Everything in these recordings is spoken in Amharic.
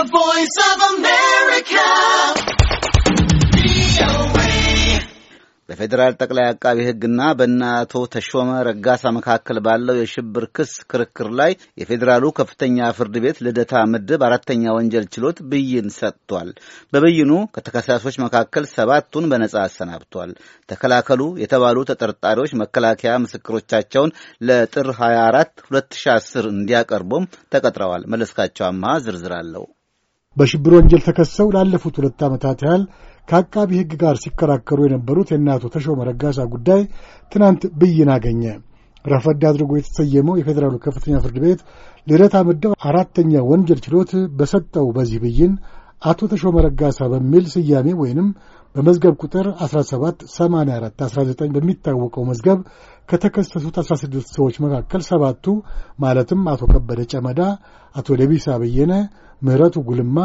The Voice of America. በፌዴራል ጠቅላይ አቃቢ ሕግና በእነ አቶ ተሾመ ረጋሳ መካከል ባለው የሽብር ክስ ክርክር ላይ የፌዴራሉ ከፍተኛ ፍርድ ቤት ልደታ ምድብ አራተኛ ወንጀል ችሎት ብይን ሰጥቷል። በብይኑ ከተከሳሾች መካከል ሰባቱን በነጻ አሰናብቷል። ተከላከሉ የተባሉ ተጠርጣሪዎች መከላከያ ምስክሮቻቸውን ለጥር 24 2010 እንዲያቀርቡም ተቀጥረዋል። መለስካቸው አማሃ ዝርዝር አለው። በሽብር ወንጀል ተከሰው ላለፉት ሁለት ዓመታት ያህል ከአቃቢ ሕግ ጋር ሲከራከሩ የነበሩት የእነ አቶ ተሾመ ረጋሳ ጉዳይ ትናንት ብይን አገኘ። ረፈድ አድርጎ የተሰየመው የፌዴራሉ ከፍተኛ ፍርድ ቤት ልደታ ምድብ አራተኛ ወንጀል ችሎት በሰጠው በዚህ ብይን አቶ ተሾመ ረጋሳ በሚል ስያሜ ወይንም በመዝገብ ቁጥር 178419 በሚታወቀው መዝገብ ከተከሰሱት 16 ሰዎች መካከል ሰባቱ ማለትም አቶ ከበደ ጨመዳ፣ አቶ ለቢሳ በየነ፣ ምህረቱ ጉልማ፣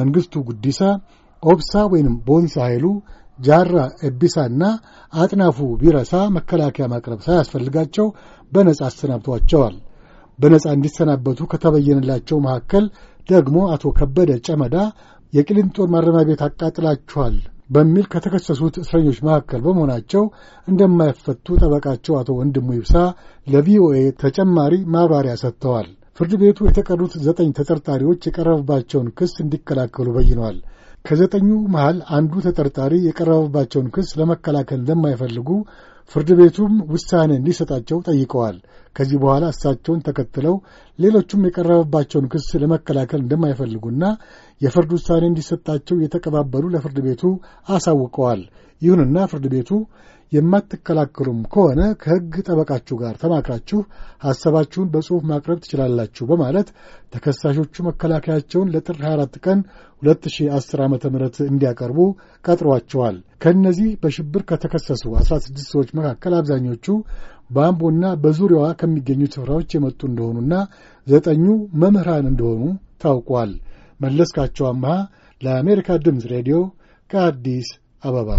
መንግስቱ ጉዲሳ፣ ኦብሳ ወይም ቦንሳ ኃይሉ፣ ጃራ ኤቢሳና አጥናፉ ቢረሳ መከላከያ ማቅረብ ሳያስፈልጋቸው በነጻ አሰናብቷቸዋል። በነጻ እንዲሰናበቱ ከተበየነላቸው መካከል ደግሞ አቶ ከበደ ጨመዳ የቅሊንጦን ማረሚያ ቤት አቃጥላችኋል በሚል ከተከሰሱት እስረኞች መካከል በመሆናቸው እንደማይፈቱ ጠበቃቸው አቶ ወንድሙ ይብሳ ለቪኦኤ ተጨማሪ ማብራሪያ ሰጥተዋል። ፍርድ ቤቱ የተቀሩት ዘጠኝ ተጠርጣሪዎች የቀረበባቸውን ክስ እንዲከላከሉ በይነዋል። ከዘጠኙ መሃል አንዱ ተጠርጣሪ የቀረበባቸውን ክስ ለመከላከል እንደማይፈልጉ ፍርድ ቤቱም ውሳኔ እንዲሰጣቸው ጠይቀዋል። ከዚህ በኋላ እሳቸውን ተከትለው ሌሎቹም የቀረበባቸውን ክስ ለመከላከል እንደማይፈልጉና የፍርድ ውሳኔ እንዲሰጣቸው እየተቀባበሉ ለፍርድ ቤቱ አሳውቀዋል። ይሁንና ፍርድ ቤቱ የማትከላከሉም ከሆነ ከሕግ ጠበቃችሁ ጋር ተማክራችሁ ሐሳባችሁን በጽሑፍ ማቅረብ ትችላላችሁ በማለት ተከሳሾቹ መከላከያቸውን ለጥር 24 ቀን 2010 ዓ ም እንዲያቀርቡ ቀጥሯቸዋል። ከእነዚህ በሽብር ከተከሰሱ 16 ሰዎች መካከል አብዛኞቹ በአምቦና በዙሪያዋ ከሚገኙ ስፍራዎች የመጡ እንደሆኑና ዘጠኙ መምህራን እንደሆኑ ታውቋል። መለስካቸው አምሃ ለአሜሪካ ድምፅ ሬዲዮ ከአዲስ አበባ